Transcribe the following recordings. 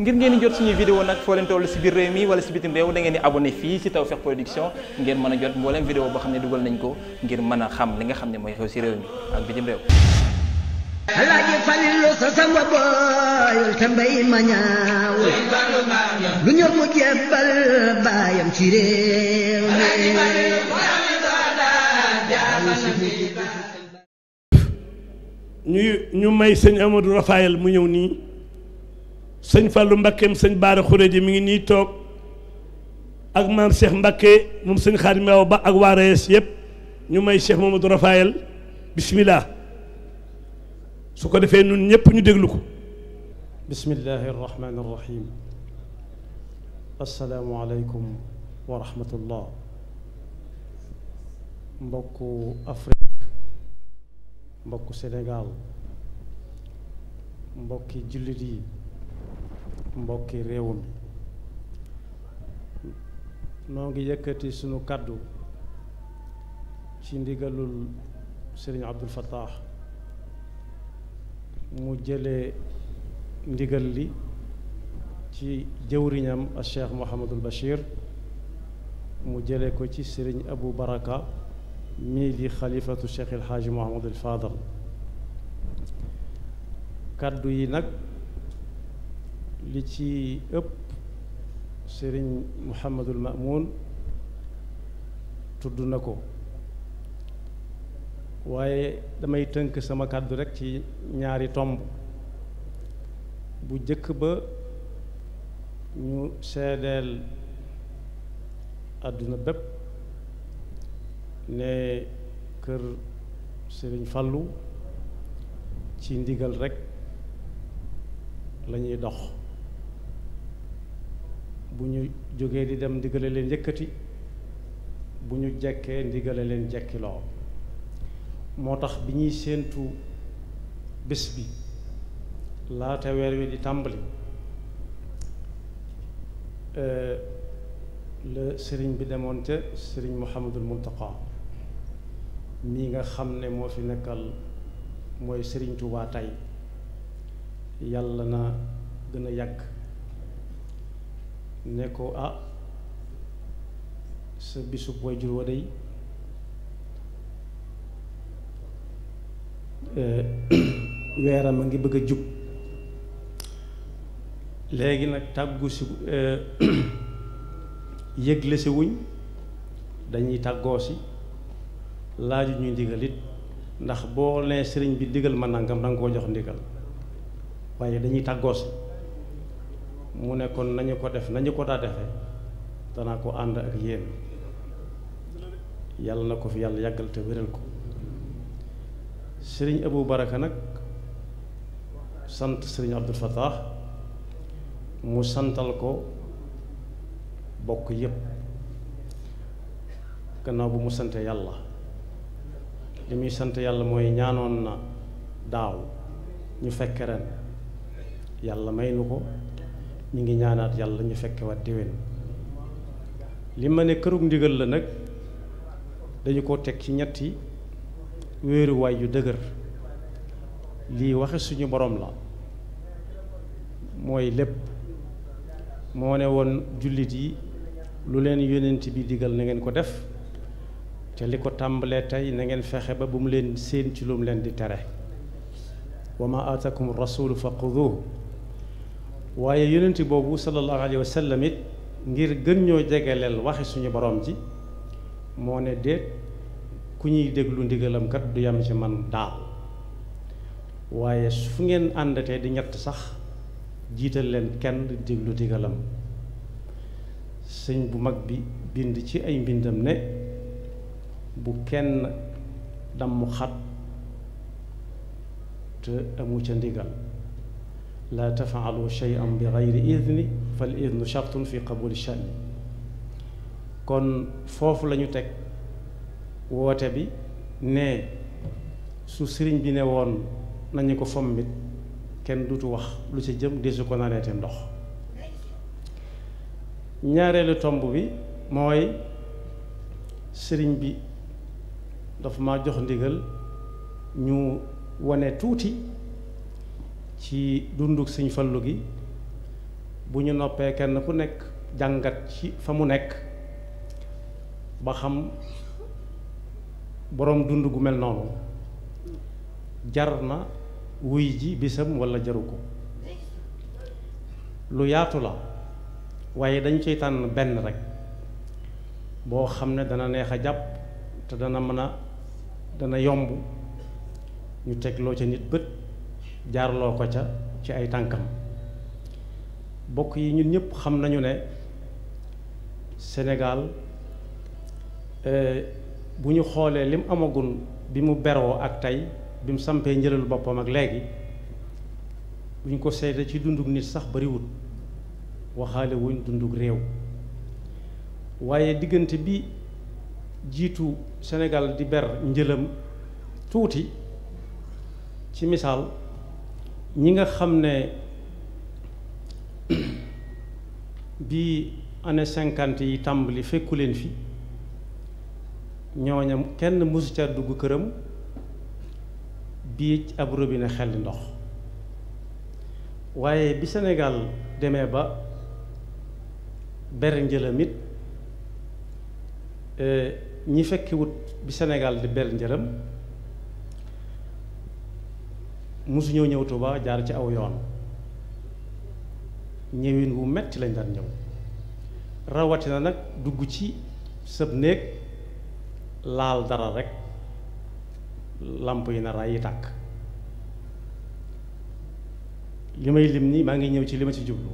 ngir ngeen jot suñu vidéo nag foo leen si biir réew mi wala si bitim réew da ngeen di abonné fii si Tawfekh Production ngeen mën a jot mbooleem vidéo boo xam ne dugal nañ ko ngir mën a xam li nga xam ne mooy xew si ak bitim réew alaaji Falilu ma ñaaw lu mu jebbal ci réew mi ñu ñu may sëñ Amadou Rafael mu ñëw nii sëñ Fallou Mbakkeem sëñ Baara Xureji mi ngi nii toog ak maam Cheikh Mbakke moom sëñ Xaadim Awa Ba ak waa Reyes yëpp ñu may Cheikh Mamadou Rafael bismillah su ko defee ñun ñëpp ñu déglu ko. bismillahi rahmaani rahim. asalaamualeykum wa mbokk mbokku Afrique mbokku Sénégal mbokki réew mi noo ngi yëkkati sunu kàddu ci ndigalul sëriñ Abdul Fattah mu jële ndigal li ci jëwriñam a Cheikh Mouhamadul Bachir mu jële ko ci sëriñ Abu Baraka mii di xalifatu Cheikh El Hadji Mouhamadul Fadal kàddu yi nag li ci ëpp Serigne Mouhamadul Mamoun tudd na ko waaye damay tënk sama kàddu rekk ci ñaari tomb bu jëkk ba ñu seedeel àdduna bépp ne kër Sëriñ Fallu ci ndigal rekk lañuy dox bu ñu jógee di dem ndigale leen yëkkati bu ñu jekkee ndigale leen jekkiloo moo tax bi ñuy séentu bés bi laata weer wi di tàmbali euh, la sëriñ bi demoon ca sëriñ Mouhamadul Muntaqa mii nga xam ne moo fi nekkal mooy sëriñ Tuubaa tey yàlla na gën a yàgg nekkoo a ah sa bisub wayjur wa day eh, weeram a ngi bëgg a jub léegi nag tàggu si eh, yëgle si wuñ dañuy tàggoo si laaju ñuy ndigal it ndax boo nee sëriñ bi digal ma nangam danga koo jox ndigal waaye dañuy tàggoo mu nekkoon nañu ko def nañu ko daa defee danaa ko ànd ak yéen yàlla na ko fi yàlla yàggal te wéral ko sëriñ Abu Baraka nag sant sëriñ Abdul Fattah mu santal ko bokk yépp gannaaw bu mu sante yàlla li muy sant yàlla mooy ñaanoon na daaw ñu fekk ren yàlla may nu ko ñu ngi ñaanaat yàlla ñu fekkewaat waat déwén li ma ne kërug ndigal la nag dañu ko teg ci ñetti wéeruwaay yu dëgër lii waxe suñu boroom la mooy lépp moo ne woon jullit yi lu leen yónent bi digal na ngeen ko def te li ko tàmbalee tey na ngeen fexe ba bu mu leen séen ci lu mu leen di tere wa ma aatakum rasulu fa xuduhu waaye yonent boobu sallallahu alayhi wa sallam it ngir gën ñoo jegeleel waxi suñu boroom ci moo ne déet ku ñuy déglu ndigalam kat du yam ci man daal waaye fu ngeen àndatee di ñett sax jiital leen kenn déglu ndigalam sëñ bu mag bi bind ci ay mbindam ne bu kenn damm xat te amu ca ndigal laa tafaalu cheyan bi geyri idni fal idnu chartun fi qabuli shani kon foofu la ñu teg woote bi ne su sëriñ bi ne woon nañu ko fommit kenn dutu wax lu ci jëm desu ko naneete ndox ñaareelu tomb bi mooy sëriñ bi dafa ma jox ndigal ñu wane tuuti ci dunduk sëñ fallu gi bu ñu noppee kenn ku nekk jàngat ci fa mu nekk ba xam boroom dund gu mel noonu jar na wuy ji bisam walla jaru ko lu yaatu la waaye dañ ciy tànn benn rekk boo xam ne dana neex a jàpp te dana mën a dana yomb ñu tegloo ca nit bët jaarloo ko ca ci ay tànkam bokk yi ñun ñëpp xam nañu ne Sénégal euh, bu ñu xoolee lim amagun bi mu beroo ak tey bim mu sampee boppam ak léegi bu ko seetee ci dundug nit sax bariwut waxaale wuñ dundug réew waaye diggante bi jiitu Sénégal di ber njëlam tuuti ci misaal ñi nga xam ne bi année cinquante yi tàmbali fekku leen fi ñooñam kenn mësu ca dugg këram bii ab robine xel ndox waaye bi senegal demee ba ber njëlam it eh, ñi fekkiwut bi Sénégal di ber njëlam mosuñoo ñëw Touba jaar ci aw yoon ñëwin wu metti lañ daan ñëw rawatina nag dugg ci sëb néeg laal dara rek làmp yi na ray tàkk li may lim nii maa ngi ñëw ci li ma ci jublu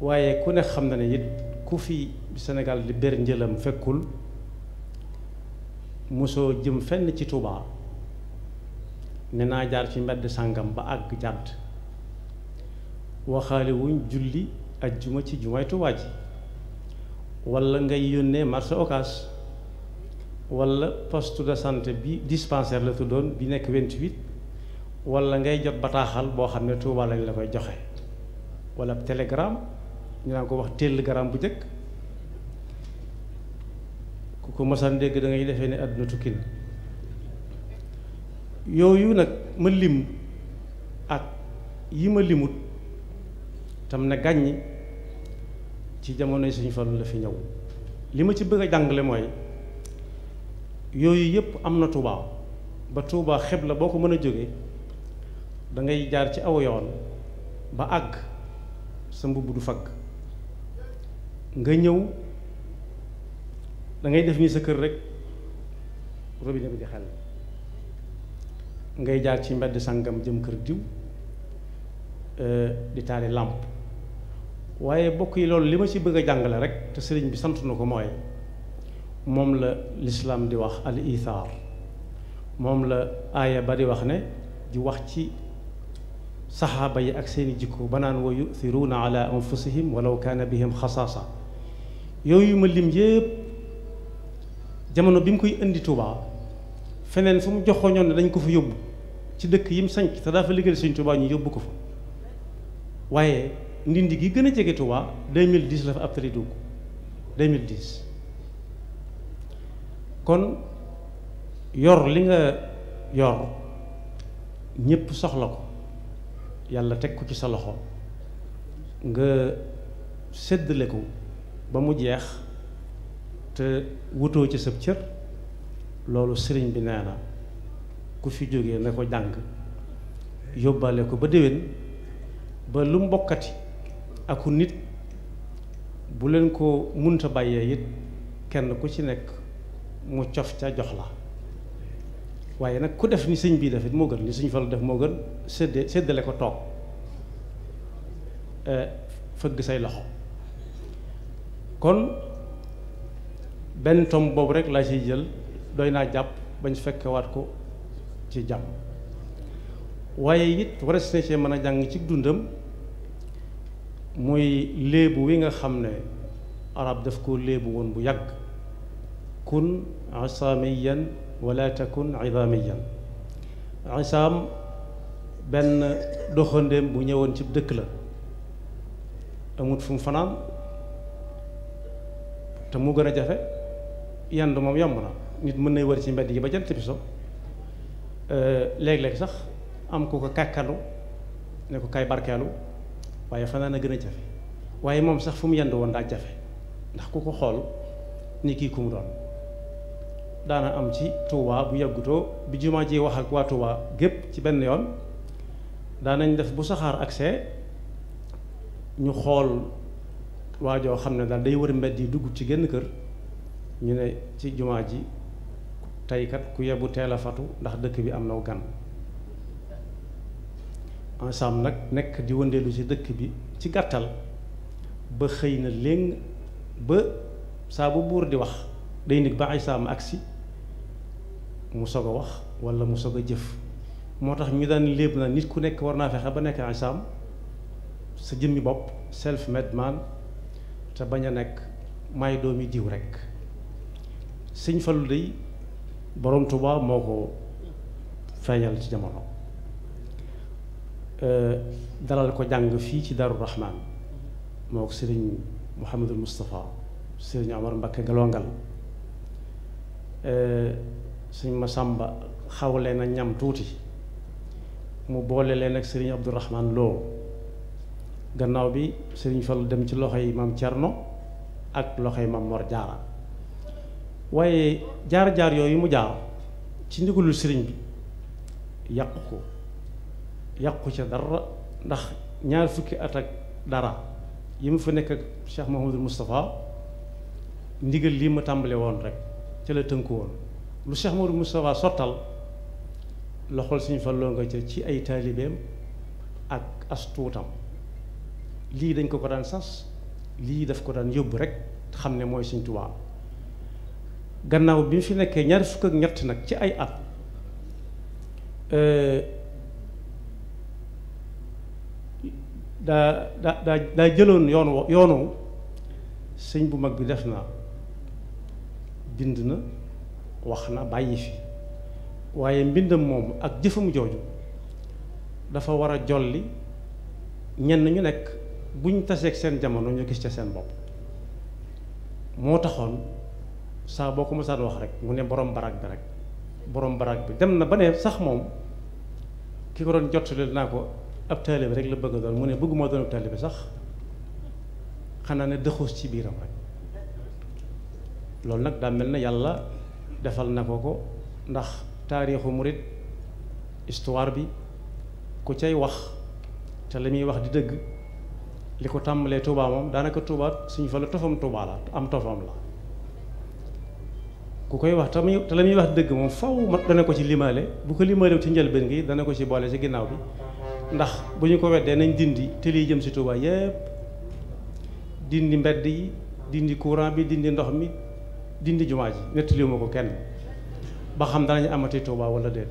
waaye ku ne xam na ne it ku fi Sénégal di ber njëlam fekkul mosoo jëm fenn ci tuubaa ne naa jaar ci mbedd sàngam ba àgg jàdd waxaale wuñ julli juma ci jumaay Tuubaa ji wala ngay yónnee marché Ocass wala poste de santé bi dispensaire la tuddoon bi nekk 28 wala ngay jot bataaxal boo xam ne Tuubaa lañ la koy joxe wala télégramme ñu naan ko wax télégramme bu njëkk ku ko mosaan dégg dangay ngay defee ne àdduna tukki na yooyu nag ma lim ak yi ma limut tam na gàññi ci jamonoy Sëñ Fallu la fi ñëw li ma ci bëgg a jàngale mooy yooyu yëpp am na Tuubaa ba Tuubaa xeb la boo ko mën a jóge dangay jaar ci aw yoon ba àgg sa mbubb du fagg nga ñëw dangay def nii sa kër rek robinet bi di xel ngay jaar ci mbedd sangam jëm kër diw euh, di taali làmp waaye bokk yi loolu li ma ci bëgg a jàngale rek te sëriñ bi sant na ko mooy moom la lislaam di wax al ithaar moom la aaya ba di wax ne di wax ci saxaaba yi ak seeni jikko ba naan wa yuthiruuna ala anfusihim walaw kaana bihim xasaasa yooyu ma lim yépp jamono bi mu koy indi Tuubaa feneen fu mu joxoñoon ne dañ ko fa yóbbu ci dëkk yi mu sanc te daa fa liggéeyal Sëñ Tuubaa ñu yóbbu ko fa waaye ndindi gi gën a jege Tuubaa 2010 la fa ab tali dugg 2010 kon yor li nga yor ñépp soxla ko yàlla teg ko ci sa loxo nga séddale ko ba mu jeex te wutoo ci sab cër loolu sëriñ bi nee na ku fi jógee na ko jàng yóbbaale ko ba déwén ba lu mbokkati aku nit bu leen ko munta bàyyee it kenn ku ci nekk mu cof ca jox la waaye nag ku def ni sëñ bii defit moo gën ni sëñ Fallu def moo gën séddee séddale ko toog eh, fëgg say loxo kon benn tomb boobu rek laa ciy jël doy naa jàpp bañ fekkewaat ko ci jàmm waaye it waras na cee mën a jàng ci dundam muy léebu wi nga xam ne arab daf ko léebu woon bu yàgg kun isaamiyan wala takun idaamiyan isaam benn doxandéem bu ñëwoon ci dëkk la amut fu mu fanaan te mu gën a jafe yendu moom yomb na nit mën nay wër ci mbedd yi ba jant bi so Euh, léeg-léeg sax am ku ko kàkkalu ne ko kay barkeelu waaye fanaan a gën a jafe waaye moom sax fu mu yendu woon daa jafe ndax ku ko xool ni kii ku mu doon daana am ci Touba bu yàggutoo bi jumaa ji wax ak waa Touba gépp ci benn yoon daanañ def bu saxaar accès ñu xool waajoo xam ne daal day wër mbedd yi dugg ci genn kër ñu ne ci jumaa ji teykat ku yebu teel a fatu ndax dëkk bi am naw gan ensemble nag nekk di wëndeelu ci dëkk bi ci gàttal ba xëy na léng ba saabu buur di wax day nit ba ay agsi mu soog a wax wala mu soog a jëf moo tax ñu daan léeb na nit ku nekk war naa fexe ba nekk ay sa jëmmi bopp self made man te bañ a nekk may doomi diw rek sëñ Fallu dey borom tubaa moo ko feeñal ci jamono dalal ko jàng fii ci Darou Rahman moo ko sëriñ Mouhamadul Moustapha sëriñ Amar Mbakke Galongal sëriñ Masamba xawle na ñam tuuti mu boole leen ak sëriñ Abdou Rahman Lo gannaaw bi sëriñ Fallu dem ci loxo loxoy maam Cerno ak loxo loxoy maam Mor Jaara waaye jaar-jaar yooyu mu jaar ci ndigalul sëriñ bi yàqu ko yàqu ca dara ndax ñaar fukki at ak dara yi mu fa nekk ak Cheikh Mouhamadul Moustapha ndigal lii ma tàmbale woon rek ca la tënku woon lu Cheikh Mouhamadul Moustapha sottal loxol suñu falloo nga ca ci ay taalibeem ak astuutam lii dañ ko ko daan sas lii daf ko daan yóbbu rek xam ne mooy Sëriñ Tuubaa gannaaw bi mu fi nekkee ñaari fukk ak ñett nag ci ay at euh, daa daa daa jëloon yoon yoonu sëñ bu mag bi def na bind na wax na bàyyi fi waaye mbindam moom ak jëfam jooju dafa war a jolli ñenn ñu nekk buñ taseeg seen jamono ñu gis ca seen bopp moo taxoon saa boo ko mosaan wax rek mu ne borom barak bi rek borom barak bi dem na ba ne sax moom ki ko doon jottali naa ko ab taalibe rek la bëgg a doon mu ne bëgguma doon ab taalibe sax xanaa ne dëxoos ci biiram rek loolu nag daa mel na yàlla defal na ko ko ndax taarixu murit histoire bi ku cay wax te li muy wax di dëgg li ko tàmbalee Touba moom daanaka Touba suñu fa la tofam Touba la am tofam la ku koy wax te muy te la muy wax dëgg moom faw mat dana ko ci limaale bu ko limaalew ci njëlbeen ngi dana ko ci boole ci ginnaaw bi ndax bu ñu ko weddee nañ dindi te liy jëm si Touba yépp dindi mbedd yi dindi courant bi dindi ndox mi dindi jumaa ji nettali ma ko kenn ba xam danañu amati Touba wala déet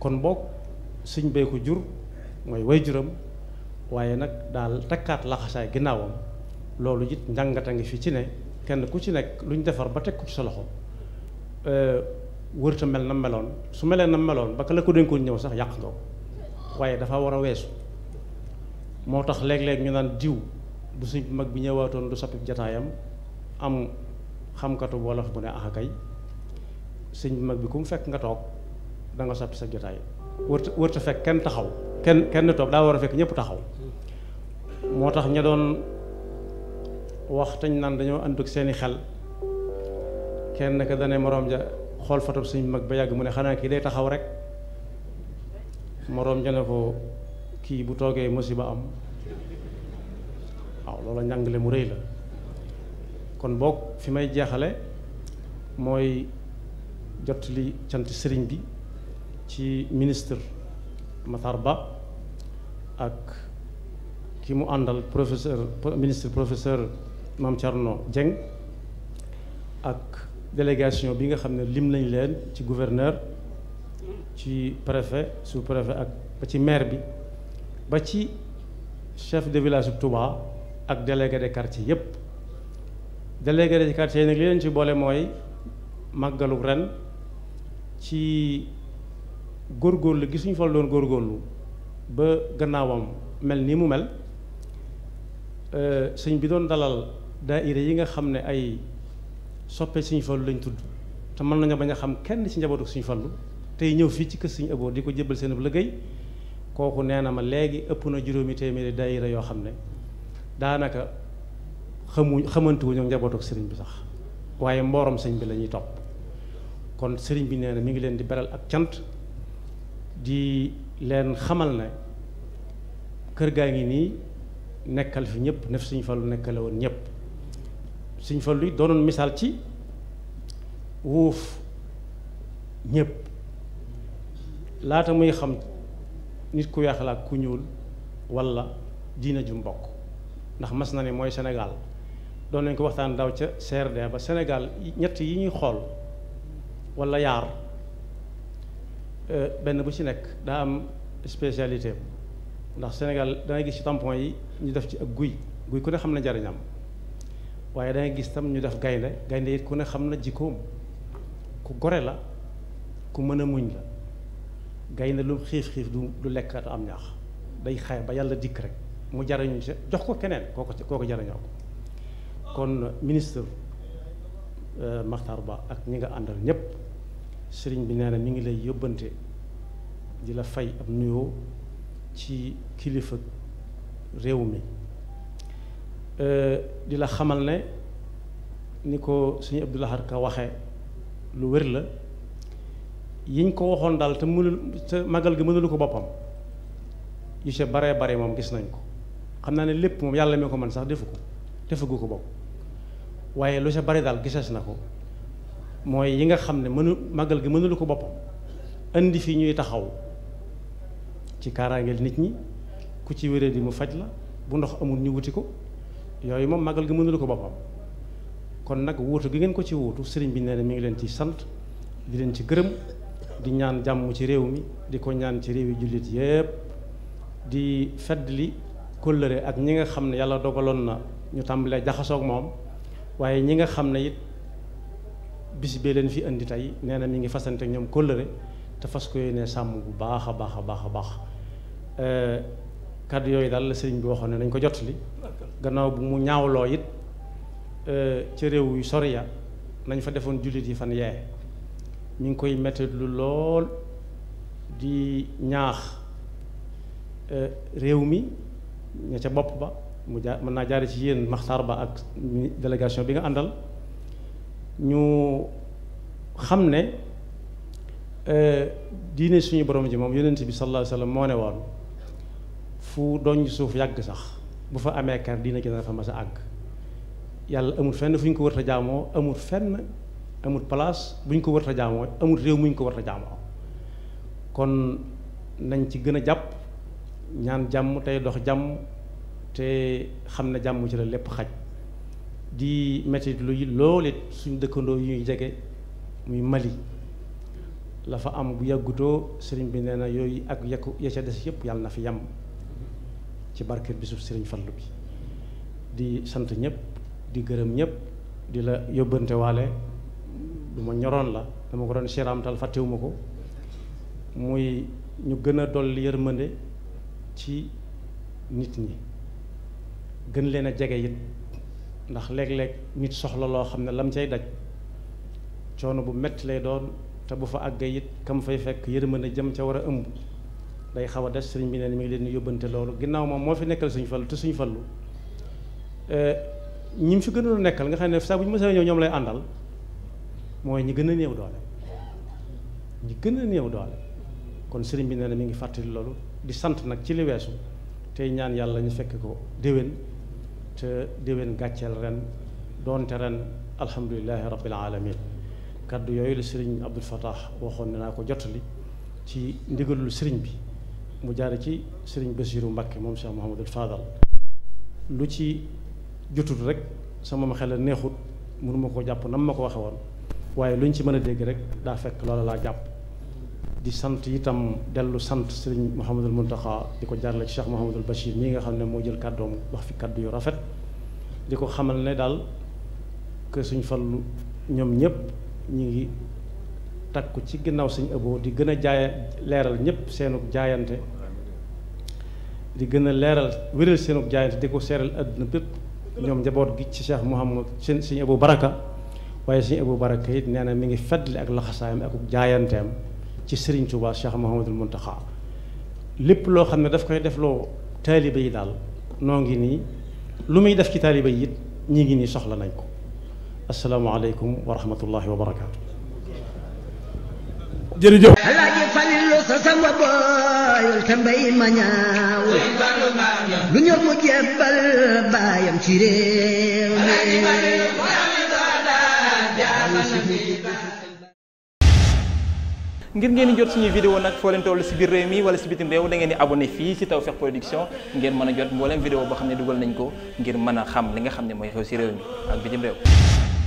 kon boog suñ bee ko jur mooy way juram waaye nag daal takkaat laxasaay ginnaawam loolu it njàngata ngi fi ci ne kenn ku ci nekk luñ defar ba teg ko ci sa loxo Eh, wërta mel na meloon su melee na meloon ba ka la ko dénkoon ñëw sax yàq nga waaye dafa war a weesu moo tax léeg-léeg ñu naan diw bu suñ mag bi ñëwaatoon du sappi jataayam am xamkatu wolof bu ne ax akay sëñ bi mag bi ku mu fekk nga toog danga nga soppi sa jotaay wërta wërta fekk kenn taxaw kenn kenn toog daa war a fekk ñëpp taxaw moo tax ña doon wax tañ naan dañoo ànd ak seeni xel kenn ka dane moroom ja xool fotob suñ mag ba yàgg mu ne xanaa kii day taxaw rek moroom ja ne ko kii bu toogee musiba am waaw loola njàngale mu réy la kon boog fi may jeexale mooy jot li cant sëriñ bi ci ministre Matar Ba ak ki mu àndal professeur ministre professeur Mame Thierno Dieng ak délégation bi nga xam ne lim lañ leen ci gouverneur ci préfet sous préfet ak ba ci maire bi ba ci chef de village bu Touba ak délégué de quartier yépp délégué de quartier yi nag li leen ci boole mooy màggalu ren ci góorgóorlu gi suñu fal doon góorgóorlu ba gannaawam mel nii mu mel euh, sëñ bi doon dalal daaira yi nga xam ne ay soppee suñu fallu lañ tudd te mën nañoo bañ a xam kenn ci njabootu suñu fallu tey ñëw fii ci kër suñu aboo di ko jébbal seen ab liggéey kooku nee na ma léegi ëpp na juróomi téeméeri daayira yoo xam ne daanaka xamu xamantuwuñu njabootu sëriñ bi sax waaye mbooroom sëñ bi lañuy topp kon sëriñ bi nee na mi ngi leen di beral ak cant di leen xamal na kër gaa ngi nii nekkal fi ñëpp ne suñu fallu nekkale woon ñëpp suñ fa luy doonoon misaal ci wuuf ñépp laata muy xam nit ku weex ku ñuul walla diina ju mbokk ndax mas na ne mooy Sénégal doon nañ ko waxtaan daaw ca CRD ba Sénégal ñett yi ñuy xool walla yaar e, benn bu ci nekk daa am spécialité ndax Sénégal dangay gis ci tampon yi ñu def ci ak guy guy ku ne xam na njariñam waaye dangay gis tam ñu def gaynde gaynde it ku ne xam na jikkoom ku gore la ku mën a muñ la gaynde lu xiif xiif du du lekk te am ñaax day xaay ba yàlla dikk rek mu jariñu si jox ko keneen koo ko jariñoo ko kon ministre euh, Makhtar Ba ak ñi nga àndal ñépp sëriñ bi nee na mi ngi lay yóbbante di la fay ab nuyoo ci kilifa réew mi di la xamal ne ni ko suñu Abdou Lahad Ka waxee lu wér la yiñ ko waxoon daal te mënul te magal gi mënulu ko boppam yu ci baree bare moom gis nañ ko xam naa ne lépp moom yàlla mi ko man sax defu ko defagu ko bopp waaye lu ca bari daal gisees na ko mooy yi nga xam ne mënu magal gi mënulu ko boppam indi fi ñuy taxaw ci kaaraangeel nit ñi ku ci wéree di mu faj la bu ndox amul ñu wuti ko yooyu moom màggal gi mënul ko boppam kon nag wuutu gi ngeen ko ci wuutu sëriñ bi nee na mi ngi leen ci sant di leen ci gërëm di ñaan jàmm ci réew mi di ko ñaan ci réew yi jullit yépp di fedd li kóllëre ak ñi nga xam ne yàlla dogaloon na ñu tàmbalee jaxasook moom waaye ñi nga xam ne it bis bee leen fi indi tey nee na mi ngi fasante ñoom kóllëre te fas ko yéene sàmm bu baax a baax a baax a baax kàddu yooyu daal la sëriñ bi waxoon ne dañ ko jot li gannaaw bu mu ñaawloo it euh, ci réew yu sori ya nañ fa defoon jullit yi fan yee mi ngi koy lu lool di ñaax euh, réew mi ña ca bopp ba mu jaar mën naa jaare ci yéen Maxtaar Ba ak délégation bi nga àndal ñu xam ne euh, diine suñu borom ji moom yonent bi sallallahu alayhi wa sallam moo ne woon fu doñ suuf yàgg sax bu fa amee kar dina ji dana fa mas a àgg yàlla amul fenn fu ñu ko wërta jaamoo amul fenn amul place bu ñu ko wërta jaamoo amul réew mu ñu ko wërta jaamoo kon nañ ci gën a jàpp ñaan jàmm tey dox jàmm te xam ne jàmm ci la lépp xaj di métit lu loolu suñu dëkkandoo yu ñuy jege muy Mali la fa am bu yàggutoo sëriñ bi nee na yooyu ak yekku ya ca des yëpp yàlla na fi yam ci barke bisub sëriñ Fallu bi di sant ñëpp di gërëm ñëpp di la yóbbante waale ñoroon la dama ko doon séeramtal fàttewuma ko muy ñu gën a dolli yërmande ci nit ñi gën leen a jege it ndax léeg-léeg nit soxla loo xam ne lam cay daj coono bu metti lay doon te bu fa àggee it kam fay fekk yërmande jëm ca war a ëmb day xaw a des sëriñ bi ne mi ngi leen di yóbbante loolu ginnaaw moom moo fi nekkal suñu fallu te suñu lu ñi mu fi gënoon nekkal nga xam ne saa bu ñu mësee ñëw ñoom lay àndal mooy ñi gën a néew doole ñi gën a néew doole kon sëriñ bi nee na mi ngi fàttali loolu di sant nag ci li weesu tey ñaan yàlla ñu fekk ko déwén te déwén gàcceel ren doonte ren alhamdulilahi rabbil alamin kaddu yooyu la sëriñ Abdul Fatah waxoon ne naa ko jottali ci ndigalul sëriñ mu jaare ci sëriñ u Mbàkke moom Cheikh Mouhamadul Fadal lu ci jotut rek sama ma xel neexut mënuma koo jàpp nam ma ko waxe woon waaye luñ ci mën a dégg rek daa fekk loola laa jàpp di sant itam dellu sant sëriñ Mouhamadul Muntaxa di ko jaarale ci Cheikh Mouhamadul Bachir mii nga xam ne moo jël kàddoom wax fi kàddu yu rafet di ko xamal ne daal que suñ fallu ñoom ñëpp ñi ngi takku ci ginnaaw sëñ Abo di gën a jaaya leeral ñëpp seenug jaayante di gën a leeral wéral seenug jaayante di ko seeral àdduna bépp ñoom njaboot gi ci Cheikh Mouhamad seen sëñ Abo Baraka waaye sëñ Abo Baraka it nee na mi ngi fàttali ak laxasaayam ak jaayanteem ci Serigne Touba Cheikh Mouhamadul Mountakha lépp loo xam ne daf koy def loo taalibe yi daal noo ngi nii lu muy def ci taalibe yi it ñi ngi nii soxla nañ ko asalaamaaleykum wa rahmatullahi wa jërëjëf alaaji falilu sa sama booyul te mbay ma ñaawul lu ñor mu mi ngir ngeen jot suñuy vidéo nag foo leen si biir réew mi wala si bitim réew da ngeen di abonné fii si Tawfekh Production ngeen mën jot mbooleem vidéo boo xam ne dugal nañ ko ngir mëna xam li nga xam ne mooy xew si réew mi ak bitim réew